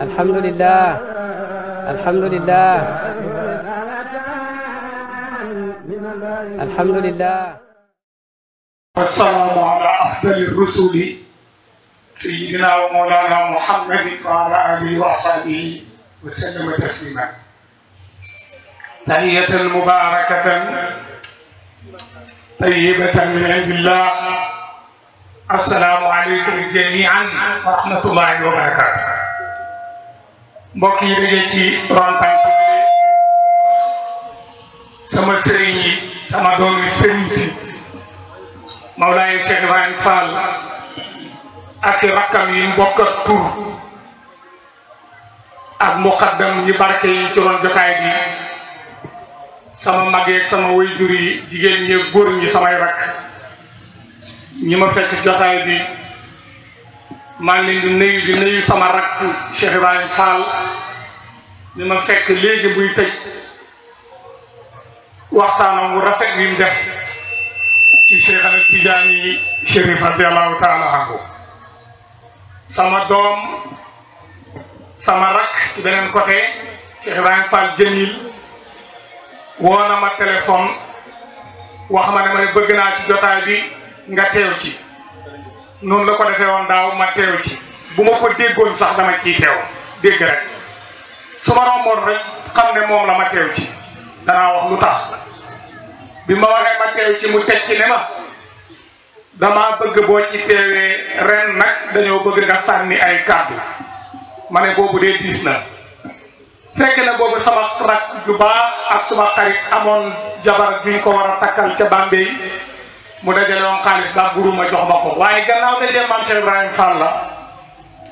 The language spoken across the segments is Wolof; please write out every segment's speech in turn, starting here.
alhamdulilah alhamdulilah alhamdulilah. wasalaamu ala afdali rusuli sayidina wa mawlana muhammadin wa ala alihi wa ashabihi wa sallama taslima tahiyatan mubarakatan طيبة من عند الله السلام عليكم جميعا ورحمة الله وبركاته mbokk yi dajee ci rontan sama sëriñ yi sama doomi sëriñ si Mawlaay Cheikh Ibrahim Fall ak rakkam yi mbokk ak tur ak muqaddam yi barke yi ci ron jotaay bi sama mag yeeg sama waajur yi jigéen ñee góor ñi samay rakk ñi ma fekk jotaay bi maa ngi leen di sama rakk Cheikh Ibrahim Fall li ma fekk léegi buy tëj waxtaanam wu rafet bi mu def ci Cheikh Ahmed yi Chérif radiallahu taala anhu sama doom beneen côté Cheikh Ibrahim Fall woo ma téléphone wax ma dama ne bëgg naa ci jotaay bi nga teew ci noonu la ko defee woon daaw ma teew ci bu ma ko déggoon sax dama ciy teew dégg rek su ma romboon rek xam ne moom la ma teew ci danaa wax lu tax bi ma waxee ma teew ci mu teg ne ma damaa bëgg boo ci teewee ren nag dañoo bëgg nga sànni ay kàddu ma ne boobu dee diis fekk na boobu sama rakk ju ak sama xarit amoon jabar bi ko war a takkal ca Bambey mu dajale woon xaalis ba guru a jox ma ko waaye gannaaw daje maam Cheikh Ibrahima la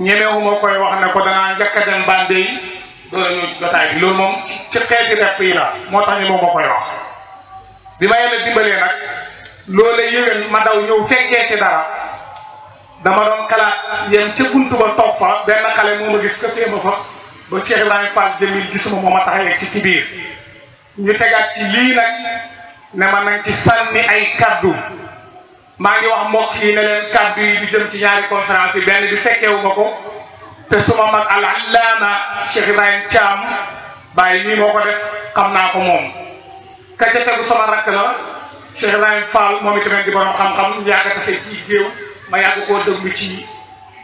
ñemewuma koy wax ne ko danaa njëkk a dem Bambey door a ñëw ci jotaay bi loolu moom ci xeeti rep yi la moo tax ñemewu ma koy wax bi ma yàlla dimbalee nag loolee yëwén ma daw ñëw fekkee si dara dama doon xalaat yem ca buntu ba toog fa benn xale moo ma gis ko fee fa ba Cheikh Ibrahima Fall demil moom moo ma tax a ci biir ñu tegaat ci lii nag ne ma nañ ci sànni ay kaddu maa ngi wax mbokk yi ne leen kaddu yi du jëm ci ñaari conférence yi benn bi fekkeewu ma ko te suma mag al allaama Cheikh Ibrahima Thiam bàyyi nii moo ko def xam naa ko moom ka ca tegu sama rakk la Cheikh Ibrahima Fall moom itamit di borom xam-xam yaakaar naa ci géew ma yàgg koo déglu ci.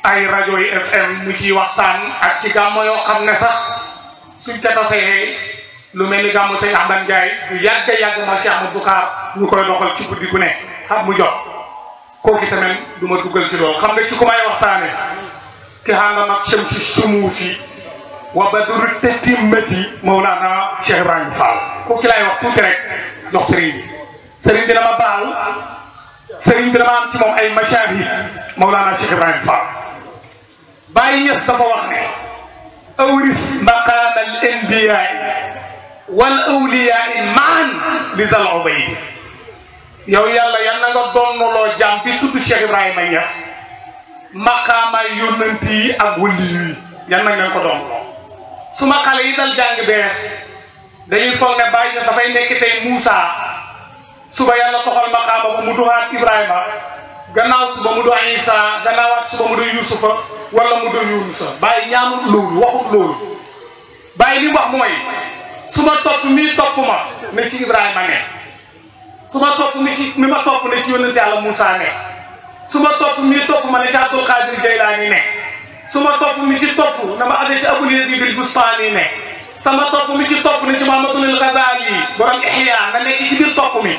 ay rajo yi FM mu ciy waxtaan ak ci gàmmo yoo xam ne sax suñ ca tasee lu mel ni gàmmo sëñ Ahmad Ndiaye bu yàgg yàgg ma Cheikh Ahmadou Boucar ñu koy doxal ci guddi gu ne xam mu jot kooku tamit duma duggal ci loolu xam nga ci ku may waxtaane ki xaanga mag sem si sumuu fi wa badru tetimmati Mawlana Cheikh Ibrahima Fall kooku laay wax jox sëriñ bi dama baal sëriñ bi dama am ci moom ay masaahid Mawlana Cheikh Ibrahima Fall bàyyi yës dafa wax ne awris maqaam al anbiyaai wal awliyaai maan li zal ubaydi yow yàlla yan na nga donnaloo jàmm bi tudd Cheikh Ibrahima Niass maqaamaay yónnant yi ak wëlli yi yan na nga ko donnaloo su ma xale yi dal jàng bees dañuy foog ne bàyyi na dafay nekk tey Moussa suba yàlla toxal maqaama bu mu duxaat Ibrahima gannaaw suba mu doo Isa gannaawaat suba mu doo Yuusufa wala mu doo Yuunusa bàyyi ñaanul loolu waxut loolu bàyyi li mu wax mooy su ma topp mii topp ma ne ci Ibrahima ne su ma topp mi ci mi ma topp ne ci yónnent Yàlla Moussa ne su ma topp mii topp ma ne ci Abdul Qadir Jaylaani ne su ma topp ci topp na ma adee ci Abul Yazid al Bustami ne sama topp mi ci topp ne ci Muhammadul Ghazali borom Ihya nga nekk ci biir topp mi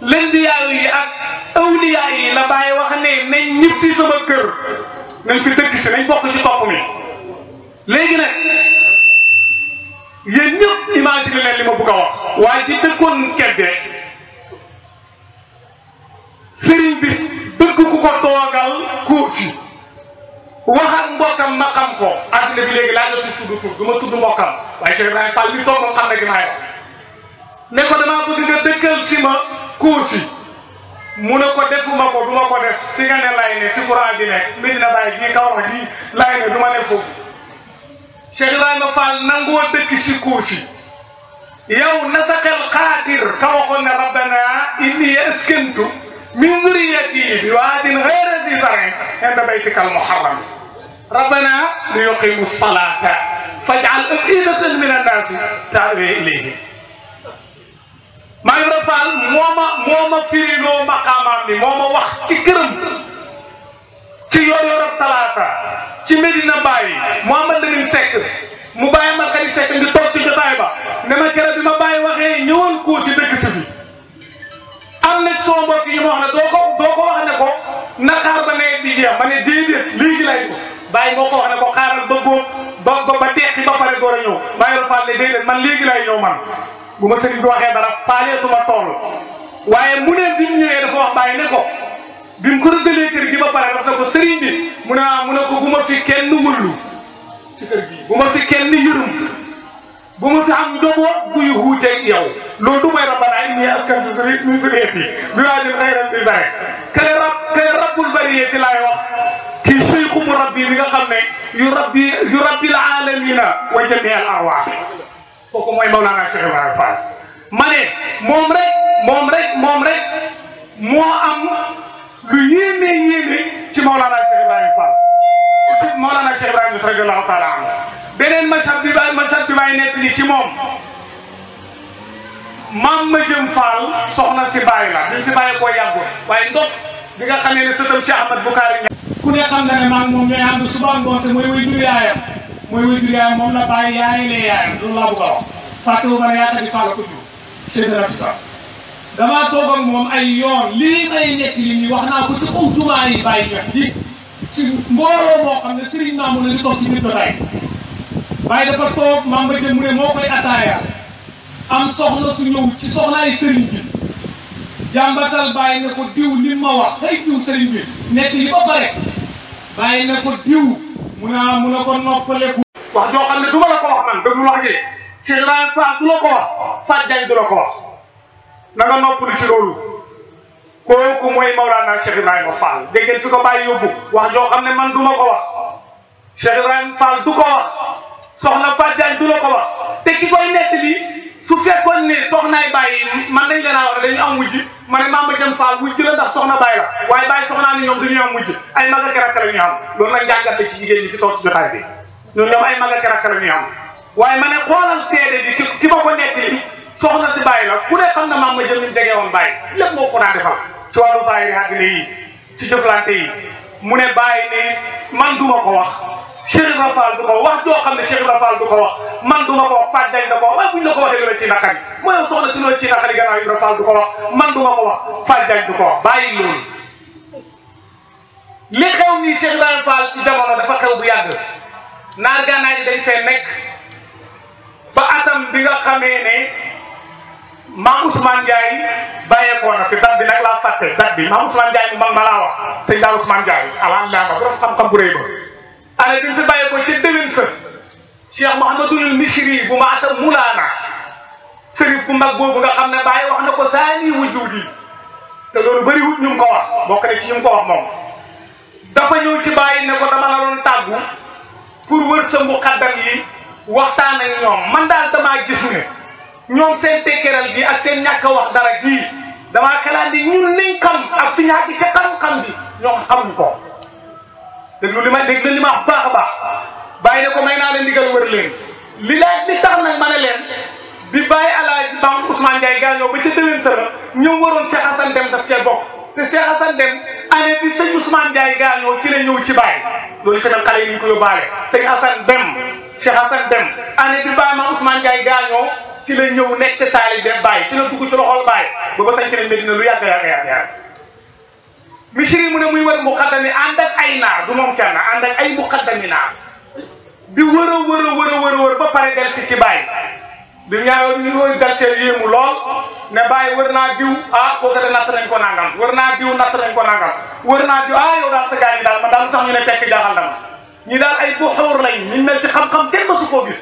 lëndiyaayu yi ak awliyaa yi la bàyyi wax ne nañ ñib si sama kër nañ fi dëkk si nañ bokk ci topp léegi nag yéen ñëpp imagine leen li ma bëgg wax waaye di dëkkoon kedde sëriñ bi bëgg ku ko toogal kursi wax ak mbokkam ma xam ko àddina bi léegi laa jot tudd tudd du ma tudd mbokkam waaye Cheikh Ibrahima Fall mi toog moom xam gi maay ne ko damaa bëgg nga dëkkal si ma kuusi mu ne ko defuma ko du ma ko def fi nga ne lay ne fi Quran bi nekk Medina Baye gii kaw ma gii lay ne du si kuusi yow na sa xel ka waxoon ne rabbana inni askantu min zurriyati bi waadin ghayri zi zarin inda baytikal muharram rabbana li yuqimu salata faj'al af'idatan min annaasi ta'wi ilayhim maam Ibra Fall moo ma moo ma firiloo maqaamaam wax ci këram ci yor yorab talaata ci Medina Baye Mouhamad Lamine Seck mu bàyyi ma xëy Seck ngi toog ci jotaay ba ne ma keroog bi ma bàyyi waxee ñëwoon koo si si bi am na ci sama mbokk yi ma wax ne doo ko naxaar ba nawet bi ma ne déedéet léegi lay ko bàyyi moo ko wax ne ba góob ba pare door a ñëw ne déedéet man léegi lay ñëw bu ma sëriñ bi waxee dara faaleetuma tool waaye mu ne bi ñu ñëwee dafa ne ko bi mu ko rëddalee kër gi ba pare daf na ko sëriñ mu ne ah mu ne ko bu ma fi kenn wullu ci kër gi bu ma fi kenn yërëm bu ma fi am njaboot buy wuuteeg yow loolu du may rabbal ay nii askan bi sëriñ mi sëriñ bi bi waa jël xayral si sare kale rab kale rabbul mu rabbi bi nga xam ne yu rabbi yu rabbil alamina wa jamial arwaax kooku mooy Mawlana Cheikh Ibrahima Fall ma ne moom moom rek moom rek moo am lu yéeme yéeme ci Mawlana Cheikh Ibrahima Fall ci Mawlana Cheikh Ibrahima radiyallahu taala anhu beneen masab bi baay masab bi baay nekk ni ci moom maam ma jëm Fall soxna si bàyyi la dañ si bàyyi koo yàggul waaye ndox bi nga xamee ne sëtam si Ahmad Bukaari ku ne xam ne maam moom ñooy ànd suba ngoon te mooy wuy jur yaayam mooy wajur yaayam moom na bàyyi yaay lee yaayam loolu laa bëgg a wax fàttewu ma ne yaakaar ni fàlla ko jur seen na fi sax damaa toog moom ay yoon lii may nekk li ñuy wax naa ko ci kaw jumaa yi bàyyi ñax yi ci mbooloo moo xam ne sëriñ maamu na ñu toog ci biir jotaay bàyyi dafa toog maam ba jëm mu ne moo koy ataaya am soxna su ñëw ci soxnaay sëriñ bi jàmbatal bàyyi ne ko diw li ma wax xëy diw sëriñ bi nekk li ba pare bàyyi ne ko diw mun a mun a ko noppaleku. wax joo xam ne du ma la ko wax man déglu ko wax Fatou Diagne du ci loolu kooku mooy Maulana Cheikh Ibrahima Fall dégg ngeen fi ko bàyyi yóbbu wax joo xam ne man du ma ko wax Cheikh Ibrahima du ko soxna Fatou Diagne du la ko te ki koy nettali. su fekkoon ne soxnaay bàyyi man dañ leen a war dañu am wujj ma ne Mamba Jam Fall wujj la ndax soxna bàyyi la waaye bàyyi soxnaa ni ñoom dañuy am wujj ay mag ak rakk la ñu am loolu nag njàngat la ci jigéen ñi ci toog ci jotaay bi ñoom ñoom la ñu ma ne xoolal seede bi ki ki ma ko nettali soxna si bàyyi la ku ne xam na Mamba Jam ñu jege woon bàyyi lépp moo ko daan defal ci wàllu saa yi àddina yi ci jëflante yi mu ne bàyyi ne man duma ko wax Cheikh Ibrahima Fall du ko wax joo ne Cheikh Ibrahima Fall du ko wax man du ma ko wax Fatou Ndiaye da ko wax buñ la ko waxee lu la ci naqari mooy soxna si lu la ci naqari du ko wax man du ma wax Fatou Ndiaye du ko wax bàyyi loolu. li xew nii Cheikh Ibrahima Fall ci jamono dafa xew bu yàgg naar gànnaay yi fee nekk ba atam bi nga xamee ne maam Ousmane Ndiaye na fi date bi nag laa fàtte date bi maam Ousmane Ndiaye mu mag ma laa wax sëñ daal Ousmane Ndiaye alhamdulilah borom xam bu année bi mu fi bàyyi ko ca déwén sa Cheikh Mouhamadul Misri bu maata mulaana sërif bu mag boobu nga xam ne bàyyi wax na ko saani wujudi te loolu bëriwut ñu ngi ko wax bokk na ko wax moom dafa ñëw ci bàyyi ne ko dama la doon tàggu pour wër sa muqaddam yi waxtaan ak ñoom man daal damaa gis ne ñoom seen tekkeral bi ak seen ñàkk wax dara gii damaa xalaat ni ñun liñ xam ak suñu àgg ca xam-xam bi ñoom xamuñ ko. déglu li ma déglu li ma wax baax a baax bàyyi ne may naa leen ndigal wër leen li laaj li tax nag ma ne leen bi bàyyi alaaji Bamba Ousmane Ndiaye gaañoo ba ca déwén sa la ñoom waroon Cheikh Hassane Deme cee bokk te Cheikh Hassane Deme année bi sëñ Ousmane Ndiaye ci la ñëw ci bàyyi loolu tamit xale yi ñu ko yóbbaale sëñ Hassane Deme Cheikh Hassane Deme année bi bàyyi ma Ousmane Ndiaye gaañoo ci nekk ñëw nekk taalibe baay ci la dugg ci loxol Baye ba ba sañ ci lañ Medina lu yàgg yàgg yàgg misiri mu ne muy wër muqaddami ànd ay naar du moom kenn ànd ak ay muqaddami naar di wër a wër a wër a ba pare del si ci bàyyi bi ñaaw ñu woon dal seen yéemu lool ne bàyyi wër naa diw ah kooku de natt ko nangam wër naa diw natt ko nangam wër naa diw ah yow daal sa gars yi daal man daal lu tax ñu ne tekk jaaxal na ma ñi daal ay buxuur lañ ñu mel ci xam-xam kenn ba koo gis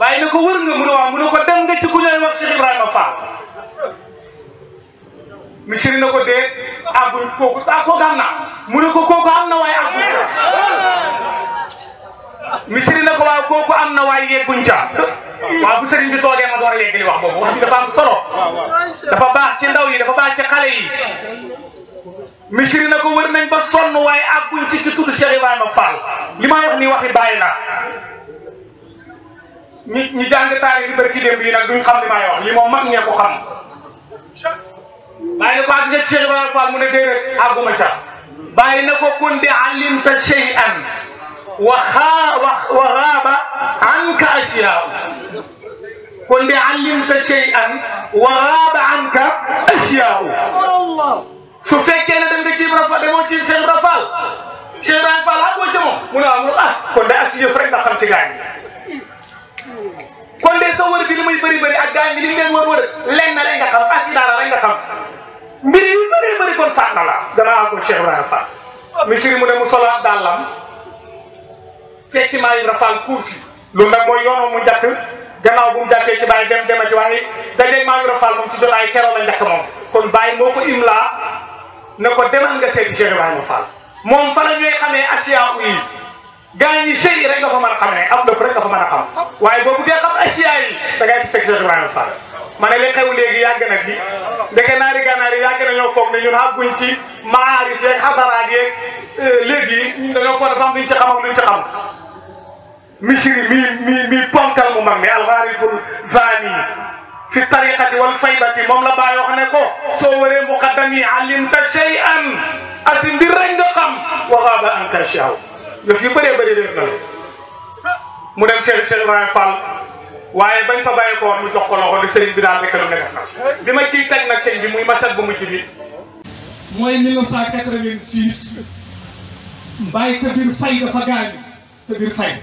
bàyyi na ko wër nga mu ne waaw mu ne ko dem nga ci ku ñooy wax Cheikh Ibrahima na ko àgguñ kooku ah am na mu ne ko kooku am na waaye misiri na ko waaye kooku am na waaye yegguñ ca waaw bu sëriñ bi toogee ma door a yegg wax boobu wax bi dafa am solo dafa baax ci ndaw yi dafa baax ci xale yi misiri na ko wër nañ ba sonn waaye àgguñ ci ci tudd Cheikh Ibrahima Fall li ma wax nii waxi bàyyi la ñi ñi jàng taari yi bari ci démb yi nag duñ xam li wax li moom mag ñee ko xam bàyyi ko ak ñett Cheikh Ibrahima Fall mu ne déedéet àgguma ca bàyyi na ko kun di alimta shay'an wa xaa wa xaaba anka asiyaa kun di alimta shay'an wa xaaba anka asiyaa su fekkee ne dem nga ci Ibrahima Fall demoo ci Cheikh Ibrahima Fall Cheikh Ibrahima Fall àggoo ca moom mu ne ah ah kon de asiyaa rek nga xam ci gaañ kon de sa wër gi li muy bëri bëri ak gaañ gi li mu leen wër wër lenn rek nga xam asidaa la rek nga xam. mbir yi lu bëri bëri kon fàtt na la danaa ko Cheikh Ibrahima Fall misiri mu ne mu solaat dàllam fekki maa Ibra Fall kursi loolu nag mooy yoonoo mu njëkk gannaaw bu mu jàkkee ci bàyyi dem dema ji waaye dajeeg maa Ibra Fall moom ci jotaay keroo la moom kon bàyyi moo ko imlaa ne ko demal nga seeti Cheikh Ibrahima Fall moom fa la ñuy xamee asiyaa yi gaa yi sëy rek nga fa mën a xam ne ab daf rek nga fa mën a xam waaye boobu dee xam asiyaa yi da ngay fekk ma ne li xew léegi yàgg na fi ndeke naari gànnaar yi yàgg na ñoo foog ne ñun àgguñ ci maarif yeeg xadaraat yeeg euh, léegi dañoo foog ne dafa am duñ ci xam ak duñ ci xam misiri mi mi mi mu mag mi alxaariful zaani fi tariqati wal faydati moom la bàyyi wax ne ko soo waree muqaddam yi alimta shay'an asi mbir rek nga xam waxaaba anka shaw yëf mu bëree bëri réer na la mu dem Cheikh waaye bañ fa bàyyi ko woon mu jox ko loxo i sëriñ bi daal nekk lu ne def na bi ma ciy teg nag sëñ bi muy masat bu mujj bi mooy 1986 Mbaye Kabir Faye dafa gaañu Kabir Faye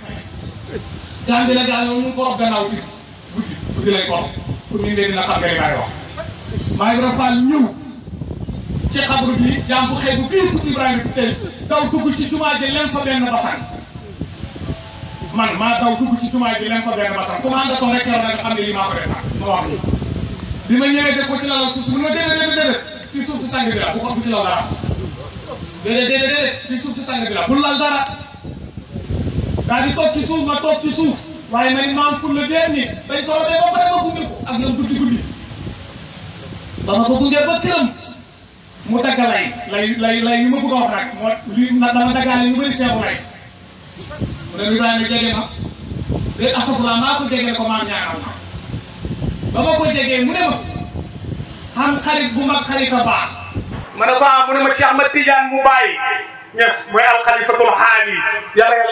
bi la gaañoo mu borob gannaaw it guddi guddi lay borob pour ñu leen dina xam ngay may wax maa ngi rafal ñëw ci xabru bi jàmbu bi tey daw dugg ci jumaa ji leen fa benn basan man maa daw dugg ci jumaa ji leen ko benn ba sax commande ko rek keroog nga xam ne lii maa ko def ma wax bi ma ñëwee def ko ci lal suuf si mun ma déedéet déedéet déedéet fii suuf si tàng bi la bu ko ci suuf si tàng bi la bul lal dara daal di toog ci suuf ma toog ci suuf waaye nag maam ful la déet nii dañ ko rotee ba ma gunge ko ak ñoom ma ko mu dagg lay lay lay yu ma bëgg a wax nag moo lii na dama daggaale ñu bëri seebu lay mu ne Ibrahima jege ma day asafura maa ko jegee ko maam ñaaral ma ba ma ko jegee mu ne ma xam xarit bu a baax ma ne ko ah mu ne ma Cheikh Ahmad Tidiane mu bàyyi ñes mooy alxalifatul xaali yàlla yàlla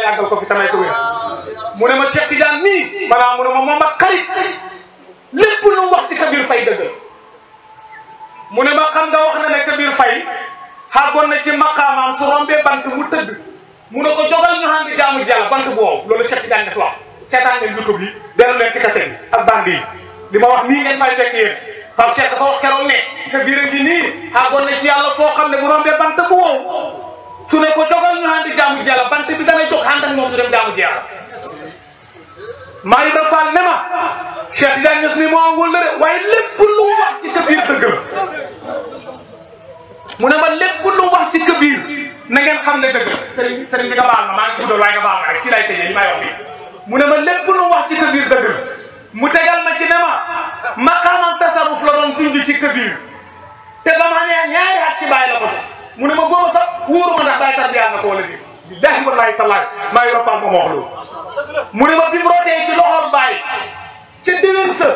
nii maanaam ah, mu ne ma moom ak lépp lu mu ci Kabir Faye dëggal mu ne ma xam nga wax na ne Kabir Faye xaagoon na ci maqaamaam su rombee bant mu tëdd mu ne ko jogal ñu ànd jaamu yàlla bant boobu loolu Cheikh Tidiane Niass wax seetaan ngeen YouTube yi dellu leen ci kaset yi ak band yi li ma wax nii ngeen fay fekk yéen Pape Cheikh dafa wax keroog ne sa nii xaagoon ah, na ci yàlla foo xam ne bu rombee bant bu wow su ne ko jogal ñu ànd jaamu yàlla bant bi dana jóg ànd ak moom ñu dem jaamu yàlla maa ngi ne ma Cheikh Tidiane Niass ni moo amul la de waaye lépp lu wax ci kabir dëgg la mu ne ma lépp lu wax ci kabir na ngeen xam ne dëgg la sëriñ sëriñ bi ma maa ngi guddal waaye nga baal ma rek ci lay tëjee li may wax bi mu ne ma lépp wax ci kabir dëgg la mu tegal ma ci ne ma maqaamam tasaruf la doon dund ci kabir te ba ma nee ñaari at ci bàyyi la ko mu ne ma góoba sax wóoruma ndax bàyyi tarbiya na ko wala bi billahi wallahi tallahi maa ngi rafetlu ma wax loolu mu ne ma bi mu rotee ci loxol bàyyi ca déwén sa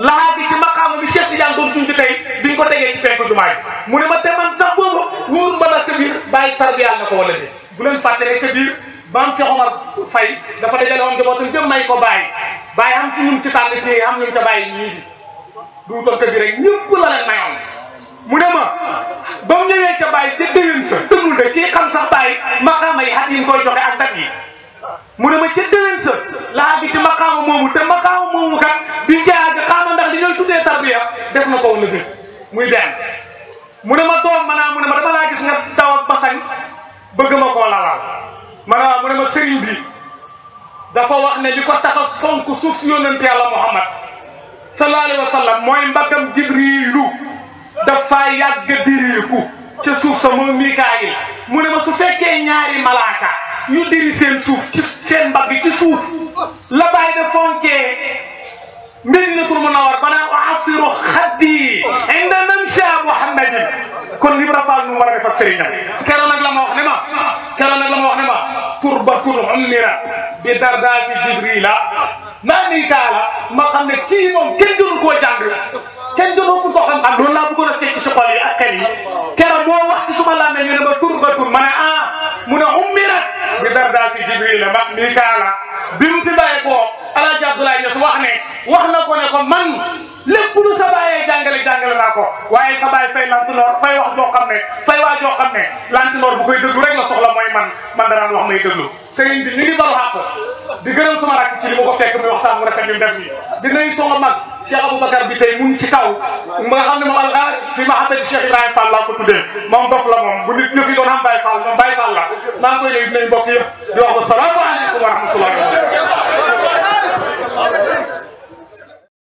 laxaat yi ci maqaama bi Cheikh Tidiane doon junj tey biñ ko tegee ci penku jumaay mu ne ma te man sax boobu wóorul ma na Kabir bàyyi tarbiyaal na de bu leen fàtte ne Kabir maam Cheikh Omar Faye dafa dajale woon njabootam jëm may ko bàyyi bàyyi am ci ñun ci tànn téye am ca bàyyi ñii bi du Kabir rek ñëpp la leen mayoon mu ne ma ba mu ñëwee ca bàyyi ca déwén sa dëggul de kii xam sax bàyyi maqaama yi xat yi koy joxe ak dagg yi ma ca déwén sa laxaat ci maqaama moomu moomu kat biñ li ñooy tuddee tarbiya def na ko wala déet muy benn mu ne ma doom maanaam ah mu ne ma dama laa gis nga daw ak bëgg ma koo lalaal maanaam mu ne ma sëriñ bi dafa wax ne li ko tax a fonk suuf si yónnante yàlla Muhammad sallallahu alayhi wa sallam mooy mbagam Jibriilu dafa yàgg diriiku ca suuf sa moom Mikaayil mu ne ma su fekkee ñaari malaaka ñu diri seen suuf ci seen mbagg ci suuf la bàyyi da fonkee Madinatul Munawwara banaa u'assiru xaddi inda mamshaa Muhammadin kon Ibra mu war a def ak sëriñam keroog nag la ma wax ne ma keroog nag la ma wax ne ma turbatul ummira bi dardaasi Jibrila naa nii taala ma xam ne kii moom kenn jëlul koo jàng kenn jëlul a fekk yi ak xel yi keroog ma turbatul ma ne ah mu ne ummirat bi dardaasi Jibrila ma nii bi mu fi ko alaaji Abdoulaye Niass wax ne wax na ko ne ko man lépp lu sa baayee jàngale jàngale naa ko waaye sa baay fay lantinoor fay wax joo xam ne fay waa joo ne lantinoor bu koy déglu rek la soxla mooy man na danaan wax ma déglu sëriñ bi ni ngi balu xàq di gërëm sama rakk ci li ma ko fekk muy waxtaan mu rafet ñu def nii di nuyu sama mag Cheikh Aboubacar bi mu ngi ci taw nga xam ne moom alxaar ah, fi ma xamante Cheikh Ibrahima Fall laa ko tuddee moom dof la moom bu nit ñëfi doon xam Baye Fall wax